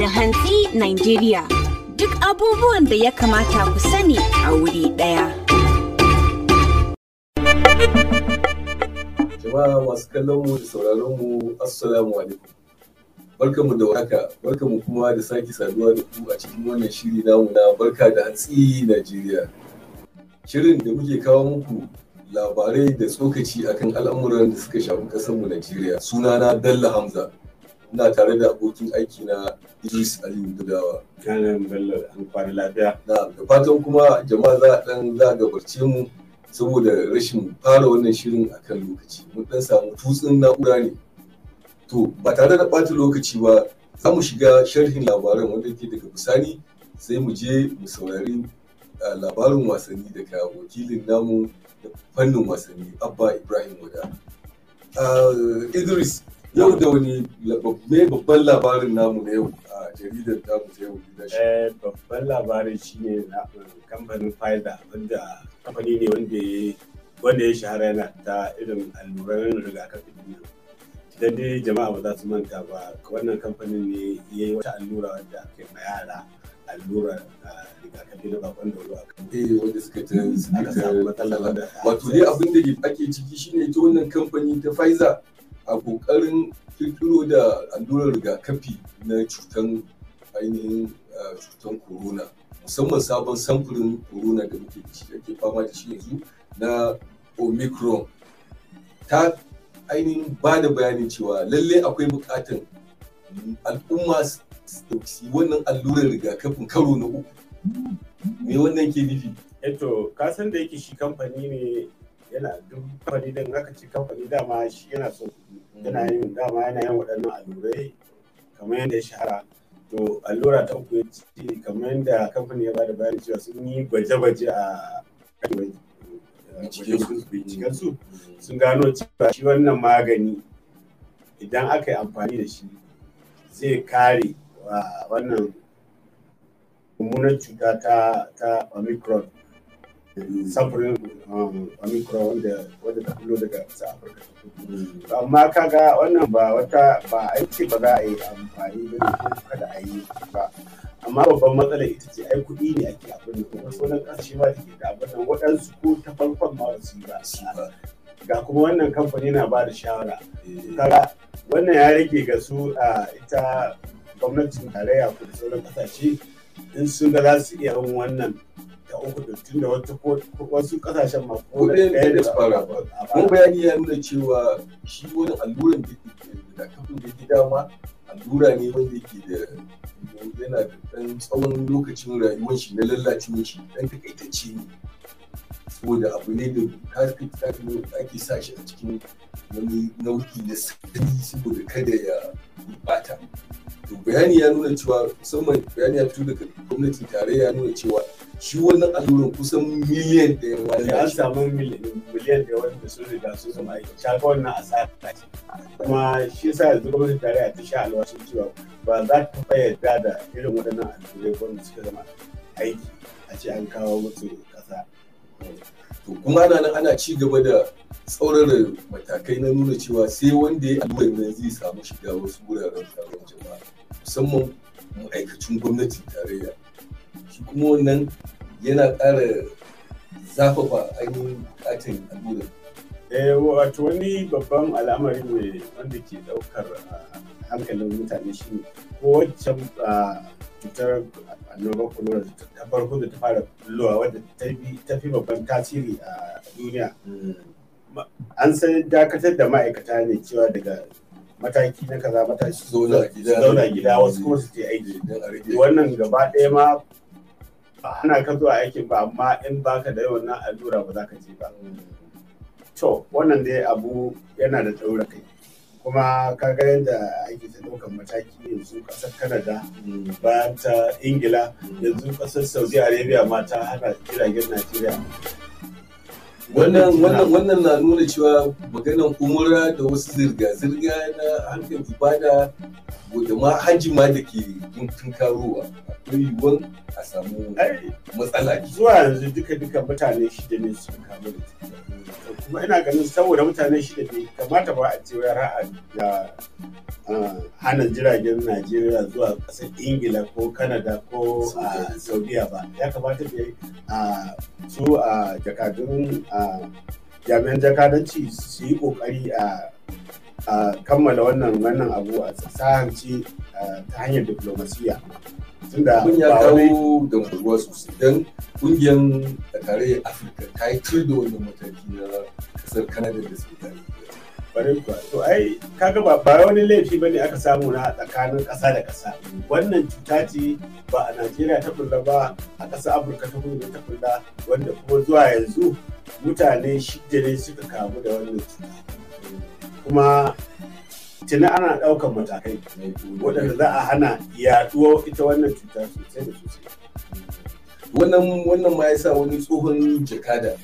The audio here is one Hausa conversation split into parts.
da hantsi Nigeria. Duk abubuwan da ya kamata ku sani a wuri ɗaya. Jama'a masu kallon mu da sauraron mu Assalamu alaikum. Barkanmu da barka mu kuma da sake saduwa da ku a cikin wannan shiri namu na barka da hantsi Najeriya. Shirin da muke kawo muku labarai da tsokaci akan al'amuran da suka shafi mu Najeriya. Sunana Dalla Hamza. ina tare da abokin aiki na Idris Aliyu Gudawa. Kanan Bello an kwari lafiya. Na da fatan kuma jama'a za a dan za a gabarce mu saboda rashin fara wannan shirin a kan lokaci. Mun dan samu tutsin na'ura ne. To ba tare da ɓata lokaci ba za mu shiga sharhin labaran wanda ke daga bisani sai mu je mu saurari labarin wasanni daga wakilin namu da fannin wasanni Abba Ibrahim Wada. Idris yau da wani ne babban labarin namu na yau a jaridar ta mu yau da shi eh, babban labarin shine na kamfanin Pfizer wanda kamfani ne wanda ya wanda ya shahara yana ta irin alluran rigakafin duniya idan dai jama'a ba za su manta ba wannan kamfanin ne ya yi wata allura wanda aka yi ma yara allura ah, rigakafi na bakon kan eh wanda suka ta aka samu matsala wato dai abin da ake ciki shine ita wannan kamfani ta Pfizer a kokarin kirkiro da allurar rigakafi na cutan ainihin cutan corona musamman sabon samfurin corona da muke ake fama da shi yanzu na omicron ta ainihin ba da bayanin cewa lalle akwai bukatan al'umma su wannan allurar rigakafin karo na uku me wannan ke nufi eto eh kasan da yake shi kamfani ne yana duk kamfani don aka ci kamfani dama shi yana so yana yin dama yana yin waɗannan allurai kamar yadda ya shahara to allura ta uku ce kamar yadda kamfani ya bada bayani cewa sun yi gwaje-gwaje a cikin su sun gano cewa shi wannan magani idan aka yi amfani da shi zai kare wannan mummunan cuta ta omicron samfurin um, omicron wanda wanda ta kullo daga ƙasar afirka mm. amma kaga wannan ba wata ba a ce ba za a yi amfani da kada a yi ba amma babban matsala ita ce ai kuɗi ne ake abin da wasu wani ƙasashe ba da ke da abin nan waɗansu ko ta farkon ma wasu ba ga kuma wannan kamfani na ba da shawara eh. kaga wannan ya rage ga su a ita gwamnatin tarayya ko da sauran ƙasashe in sun ga za su iya yin wannan uku da tun da wasu kasashen ma ko da ɗaya da fara ba mun bayani ya nuna cewa shi wani alluran da ke da kafin da ke dama allura ne wanda ke da yana da ɗan tsawon lokacin rayuwar shi na lallacin shi ɗan takaitacce ne saboda abu ne da ake sa shi a cikin wani nau'i na sani saboda kada ya bata to bayani ya nuna cewa musamman bayani ya fito daga gwamnatin tarayya ya nuna cewa shi wannan alluran kusan miliyan da yawa ne an samu miliyan da wanda sun riga sun zama aiki shafa wannan a ta ce kuma shi sa yanzu da tarayya ta sha sun cewa ba za ta taɓa yarda da irin waɗannan allurai wanda suka zama aiki a ce an kawo musu ƙasa to kuma ana nan ana ci gaba da tsaurara matakai na nuna cewa sai wanda ya allurai nan zai samu shiga wasu wuraren taron jama'a musamman ma'aikacin gwamnatin tarayya shi kuma wannan yana ƙara zafafa ainihin katin allurar. Eh, wato wani babban al'amari ne wanda ke ɗaukar ah, hankalin mutane shi ne ko wacce ah, cutar annobar kulura ta farko da ta fara lowa wadda ta fi babban tasiri a duniya. Hmm. An san dakatar da ma'aikata ne cewa daga mataki na kaza mataki su zauna gida wasu kuma su je aiki wannan gaba ɗaya ma Ana ka zuwa aikin ba amma in baka da na allura ba za ka je ba to wannan dai abu yana da ɗaura kai kuma ka kaga yadda ake ta ɗaukar mataki yanzu ƙasar Canada bayan ta Ingila yanzu ƙasar Saudi Arabia ma ta hana jiragen Najeriya wannan na nuna cewa maganan umura da wasu zirga-zirga na hankali ibada da ma hajjin ma da ke tunkarowa akwai yiwuwan a samu matsala zuwa yanzu duka duka mutane shida ne su kamu da kuma ina ganin saboda mutane shida ne kamata ba a ce yara da hana jiragen najeriya zuwa ƙasar ingila ko Kanada ko saudiya ba ya kamata da su a jakadun jami'an jakadanci su yi ƙoƙari a a kammala wannan wannan abu a sahance ta hanyar diplomasiya tunda mun ya kawo da muruwa sosai don kungiyar da afirka ta yi cire da wannan mataki na kasar kanada da suke tare bari kuwa to ai kaga ba ba wani laifi bane aka samu na tsakanin ƙasa da ƙasa wannan cuta ce ba a Najeriya ta kulla ba a ƙasar Afirka ta kula ta kulla wanda kuma zuwa yanzu mutane shida ne suka kamu da wannan cuta kuma tuni ana ɗaukar matakai waɗanda za a hana yaduwar ita wannan cuta sosai da sosai wannan wannan ma yasa wani tsohon jakada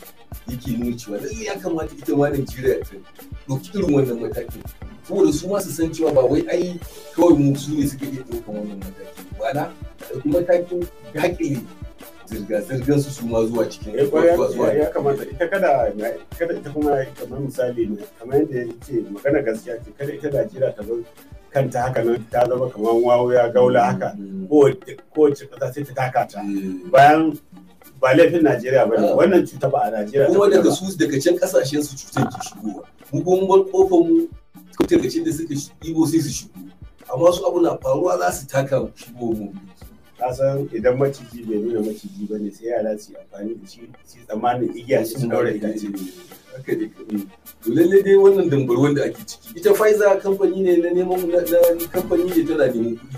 yake nuna cewa lallai ya kamata ita ma Najeriya ta ɗauki irin wannan matakin saboda su ma su san cewa ba wai ai kawai mu su ne suka iya ɗaukar wannan matakin ba na da kuma matakin daƙile. zirga zirga su suma zuwa cikin eh, zuwa zuwa ya kamata ita kada kada ita kuma kamar misali kamar yadda yake magana gaskiya ce kada ita jira ta bar kanta haka nan ta zama kamar wawo ya gaula haka mm. kowace kasa sai ta taka ta mm. bayan ba laifin Najeriya ba ne ah. wannan cuta ba a Najeriya kuma daga su daga can kasashen su cutar ke shigo mu kuma bar kofar mu daga da suka ibo sai su shigo amma su abu na faruwa za su taka shigo mu kasan idan maciji bai nuna maciji ba ne sai yara su amfani da shi su tsammanin igiya shi su daura itace ne ne mm. to dai wannan dambarwar da ake ciki ita Pfizer kamfani ne na neman na kamfani ne tana neman kuɗi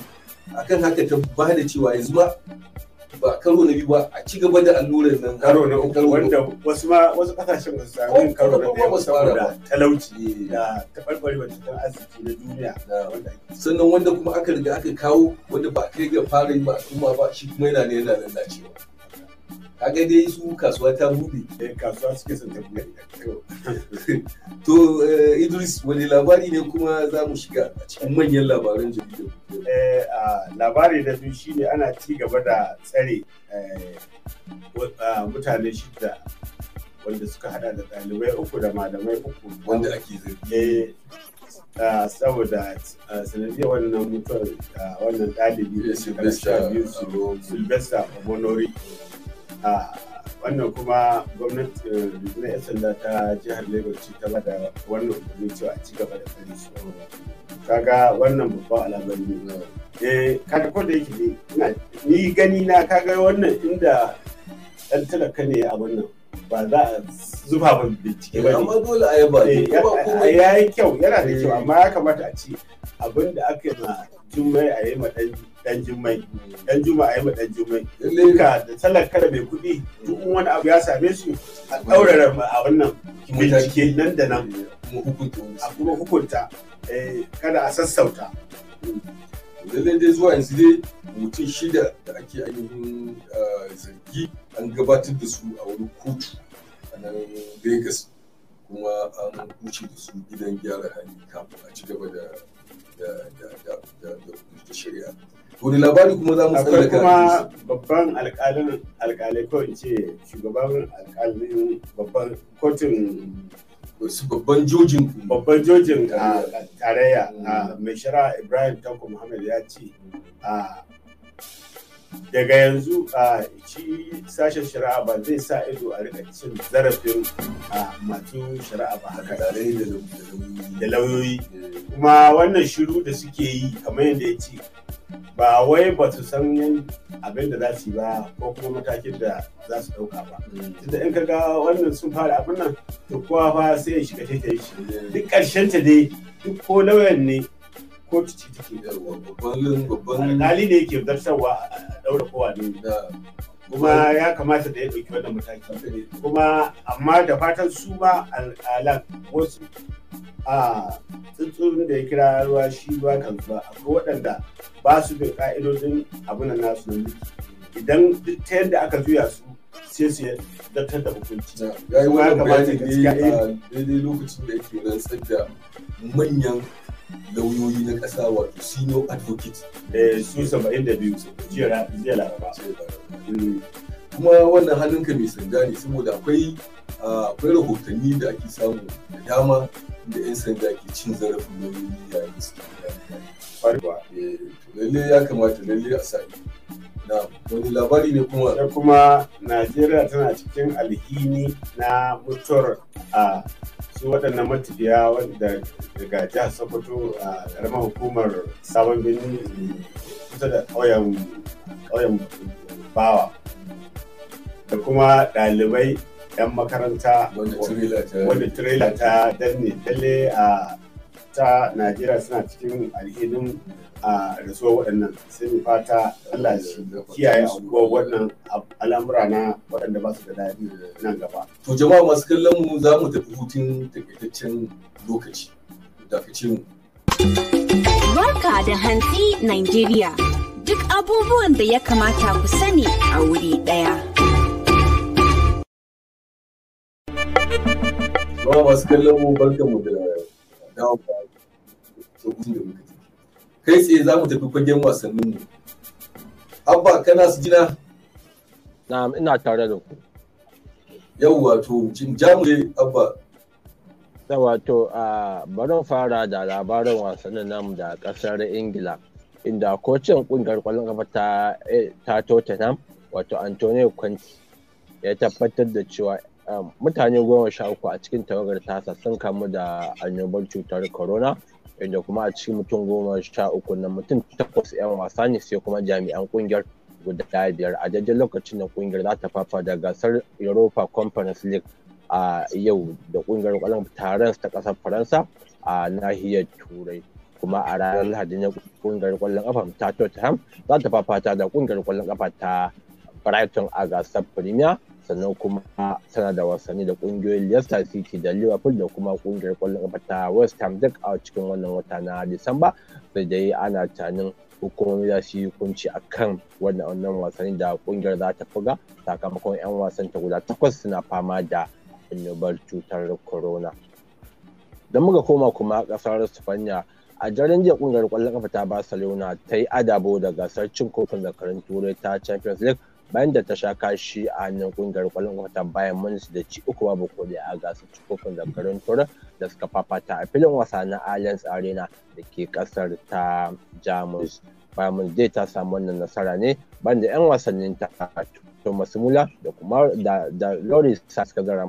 akan haka ta ba da cewa yanzu ba ba karo na biyu ba a ci gaba da allurar nan karo na uku wanda wasu ma wasu kasashen ba su samu karo na biyu ba. talauci eh. da tabarbarewar tattalin arziki na duniya sannan wanda kuma aka riga aka kawo wanda ba kai ga fara yi ba kuma ba shi kuma yana ne yana lalacewa kaga dai su kasuwa ta bude kasuwa suke son ta bude to eh, idris wani labari ne kuma za mu shiga a cikin manyan labaran jarida eh, labari na shi shine ana ci gaba da tsare eh, mutane shida wanda suka hada da ɗalibai uku da malamai uku wanda ake zirge saboda sanadiyar wannan mutuwar wannan ɗalibi da silvester obonori wannan kuma gwamnati na 'yan sanda ta jihar lagos ce ta bada wannan umarni cewa a ci gaba da tsare su kaga wannan babban alamar ne eh kada ko da yake ne ni gani na kaga wannan inda dan talaka ne a wannan ba za a zuba ba bincike ba amma dole a yaba ne eh, ya yi kyau yana da kyau eh. amma ya kamata a ci abinda aka yi ma jummai a yi ma dan dan jimmai dan juma a yi ma dan jimmai duka da talakar mai kuɗi duk wani abu ya same su a ɗaurara a wannan bincike nan da nan a kuma hukunta eh, kada a sassauta lallai dai zuwa yanzu dai mutum shida da ake ainihin ah, zargi an gabatar da su a wani kotu a nan Legas kuma an kuce da su gidan gyara hali kafin a ci gaba da shari'a wani labari kuma za mu da kuma babban alƙalin alƙalai ko in ce shugaban alƙalin babban kotun babban jojin babban jojin tarayya mm. mai shara ibrahim tanko muhammad ya ce daga yanzu a ci sashen shari'a ba zai sa ido a rika cin zarafin masu shari'a ba haka da lauyoyi kuma wannan shiru da suke yi kamar yadda ya ce ba wai ba su san abin da za su ba ko kuma matakin da za su ɗauka ba tunda in kaga wannan sun fara abin nan to kowa fa sai ya shiga ta shi duk ƙarshen ta dai duk ko lauyan ne kotu ce take babban hali ne yake zartarwa a daura kowa ne kuma ya kamata da ya ɗauki wannan mataki kuma amma da fatan su ma al'alan wasu a tsuntsun da ya kira ruwa shi ruwa kan zuwa akwai waɗanda ba su da ƙa'idodin abin nasu na idan duk ta yadda aka juya su sai su ya zartar da hukunci. Ya yi wani bayani ne a daidai lokacin da yake rantsar da manyan lauyoyi na ƙasa wato senior advocate eh, su 72 jiya jiya laraba eh, kuma wannan hannunka mai sanda ne saboda akwai ah, akwai rahotanni da ake samu da dama da 'yan sanda ke cin zarafin lauyoyi yayin su farwa eh lalle ya kamata lalle a sani na wani labari ne kuma eh, kuma najeriya tana cikin alhini na mutuwar a ah, su waɗannan matafiya wanda daga jihar sokoto a ƙaramar hukumar sabon birni kusa da ƙauyen bawa da kuma ɗalibai 'yan makaranta wanda tirela ta danne dalle a ta najeriya suna cikin alhinin a rasuwar waɗannan wannan al'amura na waɗanda ba su da daɗi nan gaba. To kallon mu za tafi hutun takaitaccen lokaci da fice mu. Barka da hantsi Nigeria duk abubuwan da ya kamata ku sani a wuri ɗaya. Jama'a kai tsaye za mu tafi fagen wasannin mu abba kana su jina na ina tare da ku yau wato jamuje abba da wato a barin fara da labarin wasannin namu da kasar ingila inda kocin kungiyar kwallon kafa ta eh, ta tottenham wato antonio conte ya tabbatar da cewa um, mutane goma sha uku a cikin tawagar tasa sun kamu da annobar cutar corona inda kuma a cikin mutum goma sha uku na mutum takwas 'yan wasa ne sai kuma jami'an kungiyar guda biyar a daidai lokacin da kungiyar za ta fafa da gasar europa conference league a yau da kungiyar kwallon taron ta kasar faransa a nahiyar turai kuma a ranar lahadi na kungiyar kwallon kafa ta tottenham za ta fafata da kungiyar kwallon kafa ta brighton a gasar premier sannan kuma tana da wasanni da kungiyoyin Leicester City da Liverpool da kuma kungiyar kwallon kafa ta West Ham duk a cikin wannan wata na Disamba sai dai ana tunanin hukumomi za su yi hukunci a kan wannan wasanni da kungiyar za ta buga sakamakon 'yan wasan ta guda takwas suna fama da annobar cutar corona. Da muka koma kuma kasar Spanya a daren jiya kungiyar kwallon kafa ta Barcelona ta yi adabo da gasar cin kofin zakarun turai ta Champions League bayan da ta sha kashi a hannun kungiyar kwallon watan bayan manis da ci uku babu kodi a gasar cikokin zakarun turin da suka fafata a filin wasa na allianz arena da ke kasar ta jamus bayan manis dai ta samu wannan nasara ne bayan da 'yan wasannin ta thomas mula da kuma da, da loris suka zara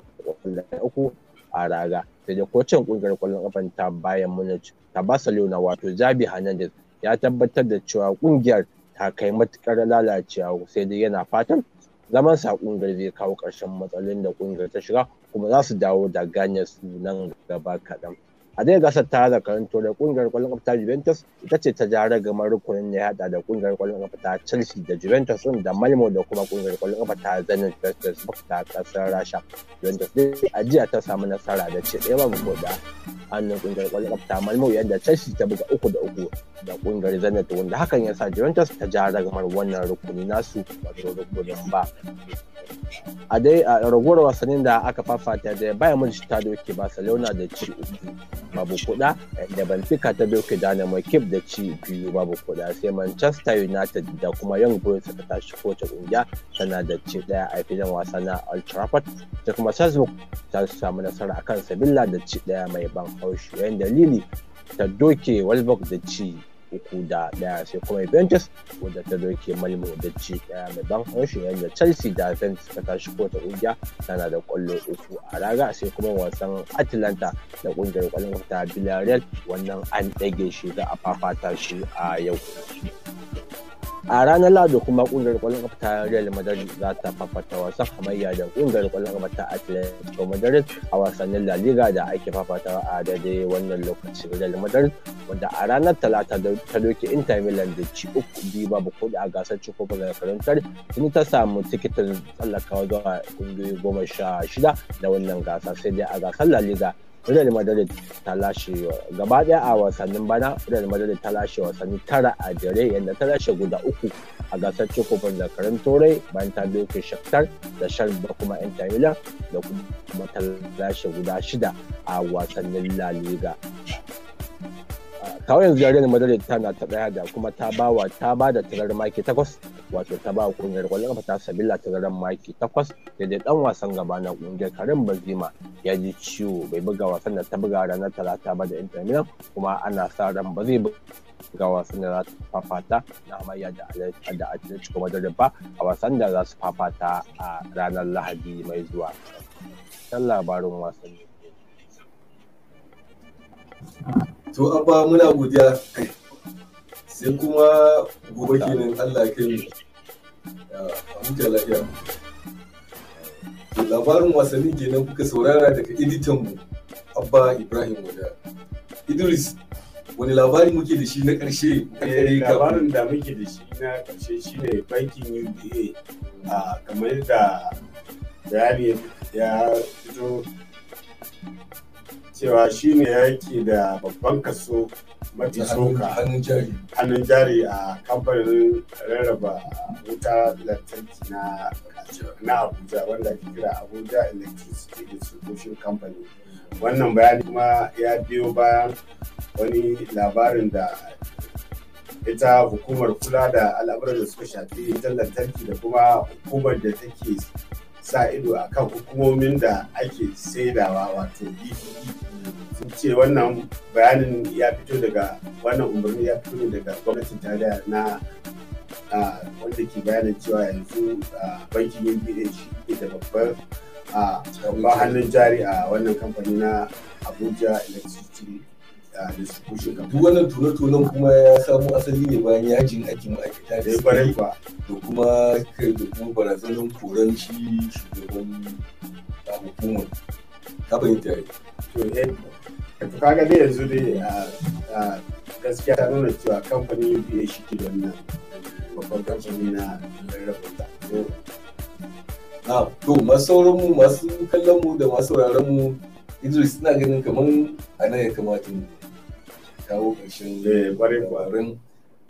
uku a raga sai da kocin kungiyar kwallon kafan ta bayan munich ta leona wato jabi hernandez ya tabbatar da cewa kungiyar ta kai matuƙar lalacewa sai dai yana fatan zaman sa ƙungiyar zai kawo ƙarshen matsalolin da kungiyar ta shiga kuma za su dawo da ganyar su nan gaba kaɗan. a dai gasar ta da karanto da kungiyar kwallon kafa ta Juventus ita ce ta ja ragamar rukunin ya hada da kungiyar kwallon kafa ta Chelsea da Juventus din da Malmo da kuma kungiyar kwallon kafa ta Zenit St. ta kasar Rasha Juventus dai a jiya ta samu nasara da ce ɗaya babu ko hannun kungiyar kwallon kafa ta malmo yadda chelsea ta buga uku da uku da kungiyar zenit wanda hakan ya sa juventus ta ja ragamar wannan rukuni nasu wato rukunin ba a dai a ragowar wasannin da aka fafata da bayan munich ta doke barcelona da ci uku babu kuɗa da benfica ta doke dynamo kip da ci biyu babu kuɗa sai manchester united da kuma young boys suka tashi kowace kungiya tana da ci daya a filin wasa na old trafford da kuma salzburg ta samu nasara a kan sevilla da ci daya mai ban haushi yayin da lili ta doke Wolfsburg da ci uku da daya sai kuma Juventus wadda ta doke Malmo da ci daya mai ban haushi yayin da Chelsea da Juventus ta tashi ko ta kungiya tana da kwallo uku a raga sai kuma wasan Atlanta da kungiyar kwallon ta Villarreal wannan an ɗage shi za a fafata shi a yau. a ranar lado kuma kungiyar kwallon kafa ta real madrid za ta fafata wasan hamayya da kungiyar kwallon kafa ta atletico madrid a wasannin la liga da ake fafata a daidai wannan lokaci real madrid wanda a ranar talata ta doke inter milan da ci uku biyu babu kudi a gasar cin kofin zakaruntar tuni ta samu tikitin tsallakawa zuwa kungiyoyi goma sha shida da wannan gasa sai dai a gasar la liga Real Madrid ta lashe gaba daya a wasannin bana Real Madrid ta lashe wasanni tara a jere yadda ta lashe guda uku a gasar cin kofin zakarun turai bayan ta doke shaktar da shan da kuma inter milan da kuma ta lashe guda shida a wasannin la liga kawai yanzu Real Madrid tana ta daya da kuma ta bawa ta bada tarar takwas wato ta ba kungiyar kwallon kafa ta sabila garan maki takwas da dai dan wasan gaba na kungiyar karim bazima ya ji ciwo bai buga wasan da ta buga ranar talata ba da inter milan kuma ana sa ran ba zai ga wasan da za su fafata na amayya da atletico madrid ba a wasan da za su fafata a ranar lahadi mai zuwa kan labarin to abba muna godiya sai kuma gobe kenan Allah ya kai huta lafiya labarin wasannin kenan kuka saurara daga editanmu abba ibrahim wada idris wani labari muke da shi na ƙarshe eh, labarin da muke da shi na ƙarshe ne bankin uba a kamar da bayani ya fito cewa shi ne yake da babban kaso mafi soka hannun jari a kamfanin rarraba wuta lantarki na abuja wanda ke kira abuja electricity distribution company wannan bayani kuma ya biyo bayan wani labarin da ita hukumar kula da al'amuran da suka shafi wutar lantarki da kuma hukumar da take sa ido a kan hukumomin da ake saidawa wato dpe sun ce wannan bayanin ya fito daga wannan umarni ya fito daga gwamnatin tarayya na wanda ke bayanin cewa yanzu bankin uba shi ke da babbar a hannun jari a wannan kamfani na abuja electricity da su shuka duk wannan tone kuma ya samu asali ne bayan yajin aikin ma'aikata da ya kwarai ba da kuma kai da kuma barazanar koran shi shugaban hukumar ka fahimta ya to eh, kaga dai yanzu dai a gaskiya ta nuna cewa kamfanin ya shi ke wannan babban kamfani na rarrabuta to masu sauran mu masu kallon mu da masu sauraron mu Idris ina ganin kamar a nan ya kamata mu kawo ƙarshen labarin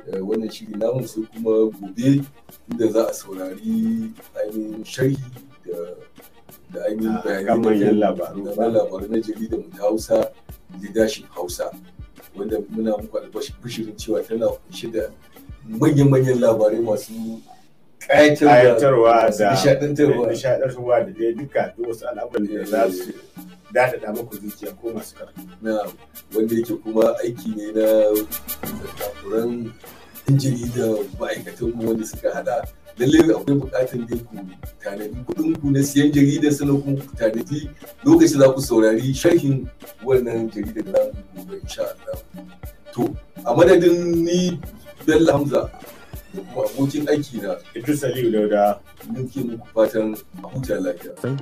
eh, eh, wannan shiri namu sai kuma gobe inda za a saurari ainihin sharhi da da ainihin bayanai na labaru na jarida mu da hausa dashin hausa wanda muna muku bishirin cewa tana kunshe da manyan-manyan labarai masu ƙayatarwa da nishaɗantarwa da dai duka duk wasu al'amuran da za su daɗaɗa muku zuciya ko masu karatu. wanda yake kuma aiki ne na takuran injiri da ma'aikatan mu wanda suka hada lallai akwai bukatun da ku tanadi kudin ku na siyan jaridar sannan ku tanadi lokaci za ku saurari sharhin wannan jaridar da za ku ga insha Allah. To a madadin ni Bello Hamza da kuma abokin aiki na Idris Aliyu Dauda. Muke ke muku fatan a huta lafiya.